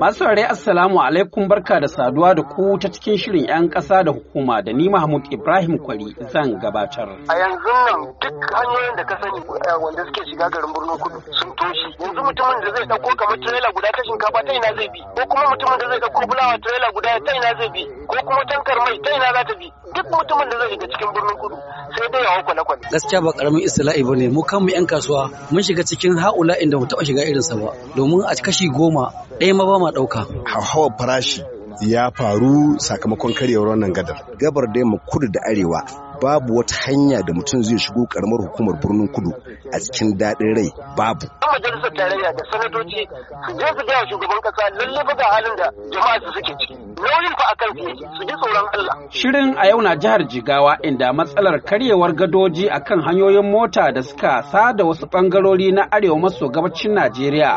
Masu saurare Assalamu alaikum barka da saduwa da ku ta cikin shirin 'yan ƙasa da hukuma da ni Mahmud Ibrahim Kwari zan gabatar. A yanzu nan duk hanyoyin da ka sani eh, wanda suke shiga garin birnin kudu sun toshe. Yanzu mutumin da zai ɗauko kamar tirela guda ta shinkafa ta ina zai bi ko kuma mutumin da zai ɗauko fulawa tirela guda ta ina zai bi ko kuma tankar mai ta ina za ta bi duk mutumin da zai shiga cikin birnin kudu sai dai ya na kwale. Gaskiya ba karamin istila'i ne mu kanmu 'yan kasuwa mun shiga cikin ha'ula inda mu taɓa shiga irinsa ba domin a cikin kashi goma ɗaya ma ba ma ɗauka. Hauhawar farashi ya faru sakamakon karyar wannan gadar. Gabar da yamma kudu da arewa babu wata hanya da mutum zai shigo karamar hukumar birnin kudu a cikin daɗin rai babu. Yan majalisar tarayya da sanatoci su je su gaya shugaban kasa lalle ba halin da jama'a su suke ciki. Nauyin fa akan su ji tsoron Allah. Shirin a yau na jihar Jigawa inda matsalar karyewar gadoji a kan hanyoyin mota da suka sada wasu bangarori na arewa maso gabacin Najeriya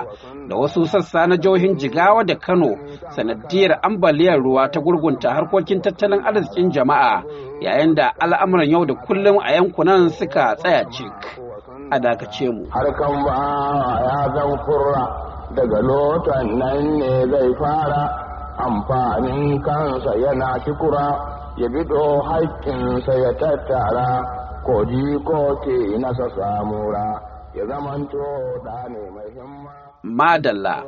da wasu sassa na jihohin Jigawa da Kano sanadiyar ambaliyar ruwa ta gurgunta harkokin tattalin arzikin jama'a yayin da al'amuran yau da kullum a yankunan suka tsaya cik. A dakace mu. Harkan ba ya zan kurra daga lotan nan ne zai fara amfanin kansa yana kikura ya bido haƙƙinsa ya tattara ko ji ko ke nasa samura. ya zamanto da ne mai himma Madalla.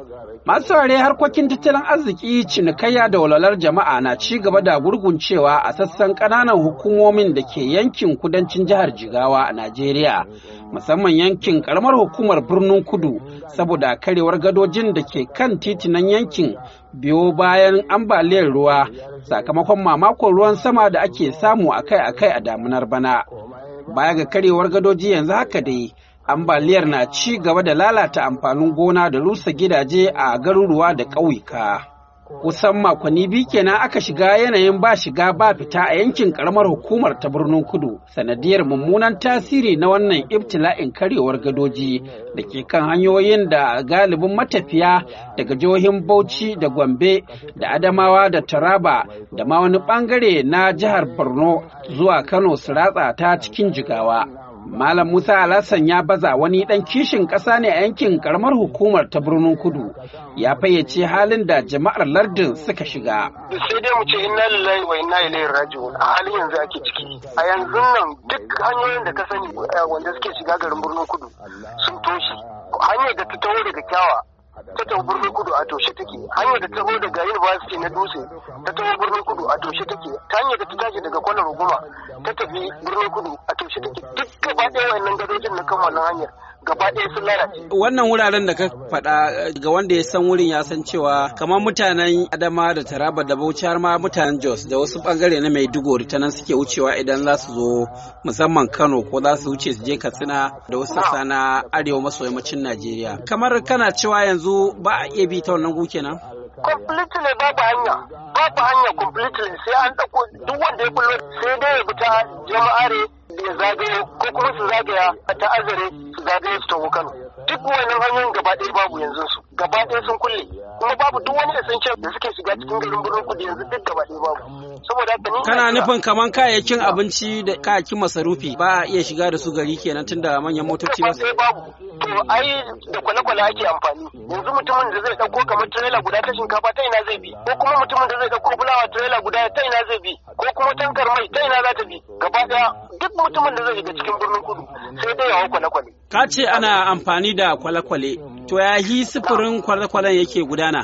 Masu saurare harkokin tattalin arziki cinikayya da walwalar jama'a na ci gaba da gurguncewa a sassan ƙananan hukumomin da ke yankin kudancin jihar Jigawa a Najeriya, musamman yankin ƙaramar hukumar birnin Kudu saboda karewar gadojin da ke kan titinan yankin biyo bayan ambaliyar ruwa sakamakon mamakon ruwan sama da ake samu akai-akai a damunar bana. Baya ga karewar gadoji yanzu haka dai ambaliyar na ci gaba da lalata amfanin gona da rusa gidaje a garuruwa da ƙauyuka. Kusan makonni biyu kenan aka shiga yanayin ba shiga ba fita a yankin karamar hukumar ta birnin kudu sanadiyar mummunan tasiri na wannan ibtila'in karewar gadoji da ke kan hanyoyin da galibin matafiya daga jihohin Bauchi da Gombe da Adamawa da Taraba da ma wani bangare na jihar Borno zuwa Kano su ratsa ta cikin jigawa. Malam Musa Alassan ya baza wani ɗan kishin ƙasa ne a yankin karamar hukumar ta birnin kudu ya fayyace halin da jama'ar lardin suka shiga. Sai dai mu ce inna lillahi wa inna ilaihi raji'un a halin yanzu ake ciki. A yanzu nan duk hanyoyin da ka sani eh, wanda suke shiga garin birnin kudu sun toshe. Hanyar da ta taho daga kyawa ta tafi birnin kudu a toshe take hanyar da ta zo daga university na dutse ta tafi birnin kudu a toshe take ta hanyar da ta tashi daga kwanar goma ta tafi birnin kudu a toshe take duk gaba ɗaya wannan gadojin na kan wannan hanyar gaba ɗaya sun lalace. Wannan wuraren da ka faɗa eh, ga wanda ya san wurin ya san cewa kamar mutanen Adama da Taraba da Bauchi har ma mutanen Jos da wasu bangare na Maiduguri ta nan suke wucewa idan za su zo musamman Kano ko za su wuce su je Katsina da wasu sassa na arewa maso yammacin Najeriya. Kamar kana cewa yanzu yanzu ba a iya bi ta wannan gu kenan completely babu hanya babu hanya completely sai an dauko duk wanda ya bullo sai dai ya fita jama'are ya zagaye ko kuma su zagaya ta azare su zagaye su tawo Kano duk wannan hanyoyin gaba ɗaya babu yanzu su gaba ɗaya sun kulle sun ce da suke shiga cikin garin birnin kudu yanzu duk gaba ɗaya babu saboda haka ni kana nufin kaman kayayyakin abinci da kayayyakin masarufi ba a iya shiga da su gari kenan tunda manyan motoci ba sai babu to ai da kwale-kwale ake amfani yanzu mutumin da zai dauko kamar trailer guda ta shinkafa ta ina zai bi ko kuma mutumin da zai dauko fulawa trailer guda ta ina zai bi ko kuma tankar mai ta ina za ta bi gaba daya duk mutumin da zai shiga cikin birnin kudu sai dai yawo kwale-kwale ka ce ana amfani da kwale-kwale to ya yi sufurin kwale-kwalen yake gudana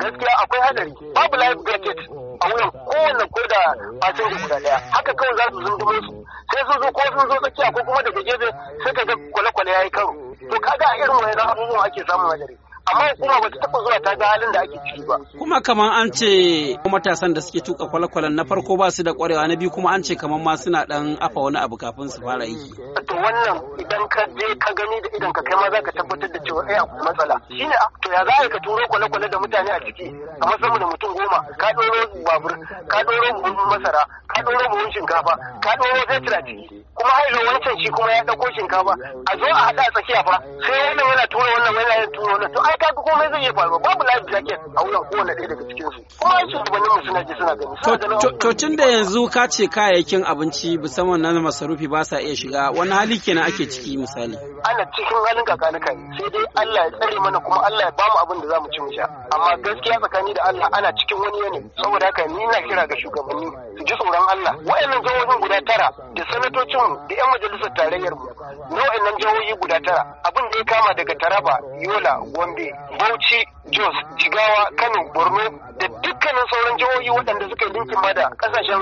gaskiya akwai hadari babu life jacket a wuyan kowanne ko da fasinja guda daya haka kawai za su zundumo su sai sun zo ko sun zo tsakiya ko kuma daga gefe ka ga kwale-kwale ya yi karo to kaga irin wani abubuwan ake samun hadari amma hukuma ba ta taba zuwa ta ga halin da ake ciki ba kuma kamar an ce matasan da suke tuka kwalakwalan na farko ba su da kwarewa na biyu kuma an ce kamar ma suna dan afa wani abu kafin su fara yi. to wannan idan ka je ka gani da idan ka kai ma ka tabbatar da cewa ai eh, akwai matsala ne to ya za ka turo kwale-kwale da mutane a ciki a sama da mutum goma ka ɗoro babur ka ɗoro buhun masara ka ɗoro buhun shinkafa ka ɗoro fetur a ciki kuma hailo wancan shi kuma ya ɗauko shinkafa a zo a haɗa a tsakiya fa sai wannan yana tura wannan yana tura wannan to ai ka ga komai zai iya faruwa babu life jacket a wurin kowane ɗaya daga cikin su kuma an shugabannin mu suna ji suna gani. To tun da yanzu ka ce kayayyakin abinci musamman na masarufi ba sa iya shiga wani hali kenan ake ciki misali. Ana cikin halin kakanika sai dai Allah ya tsare mana kuma Allah ya bamu abin da mu ci mu sha amma gaskiya tsakani da Allah ana cikin wani yanayi saboda haka ni na kira ga shugabanni su ji tsoron Allah wayannan jihohin guda tara da sanatocin da yan majalisar tarayyar mu na wayannan jihohi guda tara abin da ya kama daga Taraba Yola Gombe Bauchi Jos Jigawa Kano Borno da dukkanin sauran jihohi waɗanda suka yi linkin da kasashen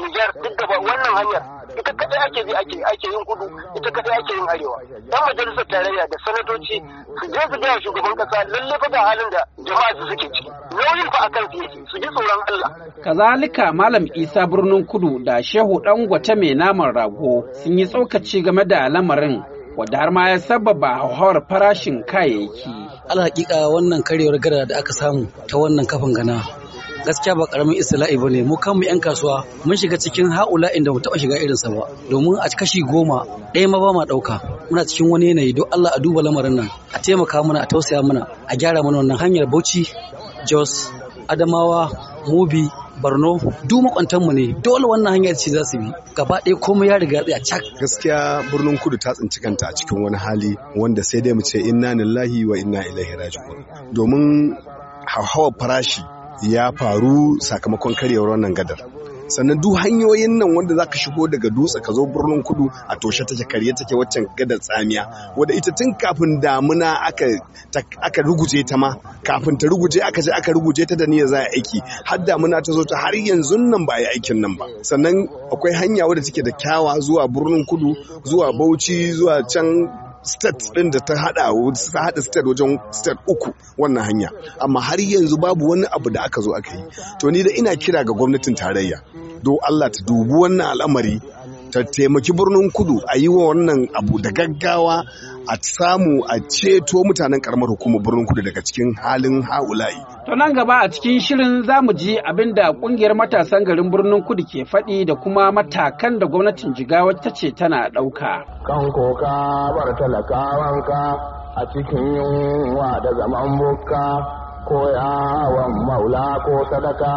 Niger duk da wannan hanyar ita kadai ake ake ake yin kudu ita kadai ake yin arewa dan majalisar tarayya da sanatoci su je su ga shugaban kasa lalle fa ga halin da jama'a su suke ciki nauyin fa akan su yake su ji tsoron Allah kazalika malam Isa birnin kudu da Shehu gwata mai naman rago sun yi tsokaci game da lamarin wadda har ma ya sababa hauhawar farashin kayayyaki. Alhaƙiƙa wannan karyar gada da aka samu ta wannan kafin gana gaskiya ba karamin istila'i ba ne mu kanmu 'yan kasuwa mun shiga cikin ha'ula inda mu taɓa shiga irinsa ba domin a kashi goma ɗaya ma ba ma ɗauka muna cikin wani yanayi don Allah a duba lamarin nan a taimaka mana a tausaya mana a gyara mana wannan hanyar Bauchi Jos Adamawa Mubi Borno duk mu ne dole wannan hanyar ce za su bi gaba ɗaya komai ya riga ya cak. Gaskiya birnin kudu ta tsinci kanta a cikin wani hali wanda sai dai mu ce inna lillahi wa inna ilaihi raji'un domin hauhawar farashi ya faru sakamakon karyewar wannan gadar sannan duk hanyoyin nan wanda zaka shigo daga dutse ka zo birnin kudu a toshe take karye take waccan gadar tsamiya wadda ita tun kafin damuna aka aka ruguje ta ma kafin ta ruguje aka je aka ruguje ta da niyyar za a aiki har damuna ta zo ta har yanzu nan ba a yi aikin nan ba sannan akwai hanya wadda take da kyawa zuwa birnin kudu zuwa bauchi zuwa can state ɗin da ta hada ta hada state wajen state uku wannan hanya amma har yanzu babu wani abu da aka zo aka yi to ni da ina kira ga gwamnatin tarayya do Allah ta dubi wannan al'amari ta taimaki birnin kudu a yi wa wannan abu da gaggawa a samu a ceto mutanen karamar hukumar birnin kudu daga cikin halin haulayi. To nan gaba a cikin shirin za mu ji abin da kungiyar matasan garin birnin kudu ke faɗi da kuma matakan da gwamnatin jigawa ta ce tana ɗauka. Kan koka bar talakawanka a cikin yunwa da zaman bukka ko yawon maula ko sadaka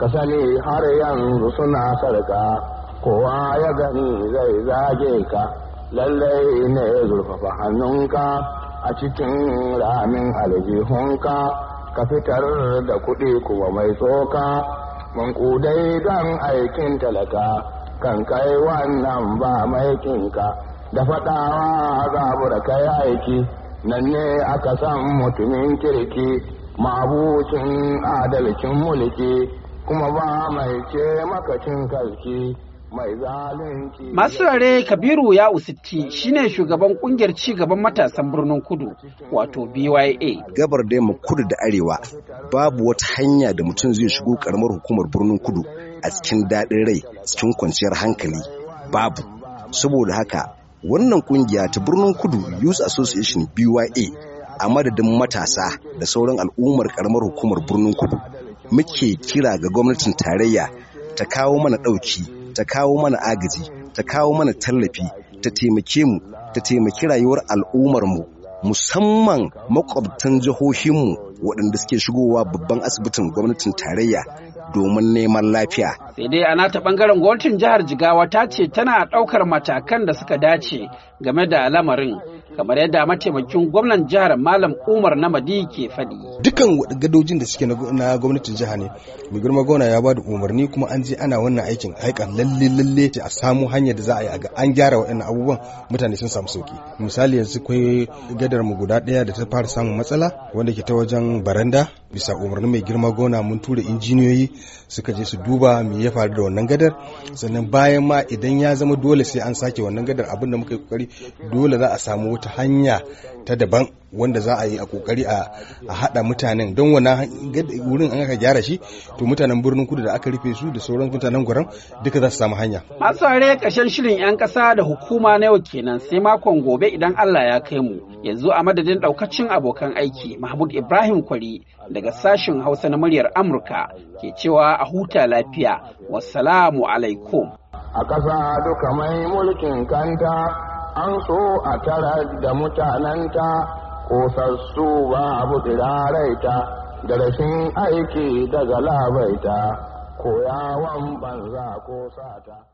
ka sani har yanzu suna sarka. kowa ya gani zai zage ka lallai ne zurfafa hannunka a cikin ramin aljihunka ka fitar da kuɗi kuma mai tsoka mankudai don aikin talaka kan kai wannan ba maikinka da faɗawa zabura kai aiki nan ne aka san mutumin kirki mabucin adalcin mulki kuma ba mai ce makacin kalki Masu rare Kabiru ya usitti shine shugaban kungiyar ci gaban matasan birnin kudu wato BYA. Gabar da kudu da arewa babu wata hanya da mutum zai shigo karamar hukumar birnin kudu a cikin daɗin rai cikin kwanciyar hankali babu. Saboda haka wannan kungiya ta birnin kudu Youth Association BYA a madadin matasa da sauran al'ummar karamar hukumar birnin kudu muke kira ga gwamnatin tarayya ta kawo mana ɗauki ta kawo mana agaji ta kawo mana tallafi ta taimake mu ta taimaki rayuwar al'ummar mu musamman makwabtan jihohinmu waɗanda suke shigowa babban asibitin gwamnatin tarayya domin neman lafiya. Sai dai a ta bangaren gwamnatin jihar Jigawa ta ce tana ɗaukar matakan da suka dace game da lamarin. kamar yadda mataimakin gwamnan jihar malam umar namadi ke faɗi. dukkan gadojin da suke na gwamnatin jiha ne mai girma gona ya bada umarni kuma an je ana wannan aikin aika lalle lalle a samu hanyar da za a yi a ga an gyara waɗannan abubuwan mutane sun samu sauki misali yanzu kai gadar mu guda ɗaya da ta fara samun matsala wanda ke ta wajen baranda bisa umarni mai girma gona mun tura injiniyoyi suka je su duba me ya faru da wannan gadar sannan bayan ma idan ya zama dole sai an sake wannan gadar abin da muka yi kokari dole za a samu wata hanya ta daban wanda za a yi a kokari a hada mutanen don wani wurin an aka gyara shi to mutanen birnin kudu da aka rufe su da sauran mutanen gwaram duka za su samu hanya masare kashen shirin yan kasa da hukuma na yau kenan sai makon gobe idan Allah ya kai mu yanzu a madadin daukacin abokan aiki Mahmud Ibrahim Kwari daga sashin Hausa na muryar Amurka ke cewa a huta lafiya wassalamu alaikum a ƙasa duka mai mulkin kanta an so a tara da mutanenta sassu ba abu ta da rashin aiki daga labaita koyawan banza ko sata.